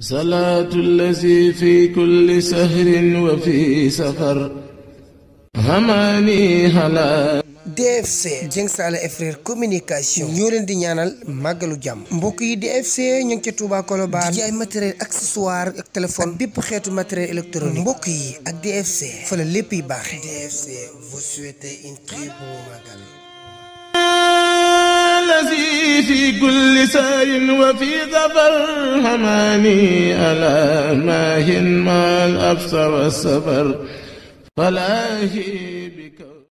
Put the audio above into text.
صلاة الذي في كل سهر وفي سفر هماني هلا DFC Dieng Saala et frères communication ñoo leen di ñaanal màggalu jàmm mbokk yi DFC ñu ngi ca Touba Colobane di jaay matériel accessoire ak téléphone ak bépp xeetu matériel électronique mbokk yi ak DFC fa la lépp yi baax DFC vous souhaitez une très bonne màggal نساء وفي ذبر هماني ألا ماهن ما الأبصر والسفر فلاهي بك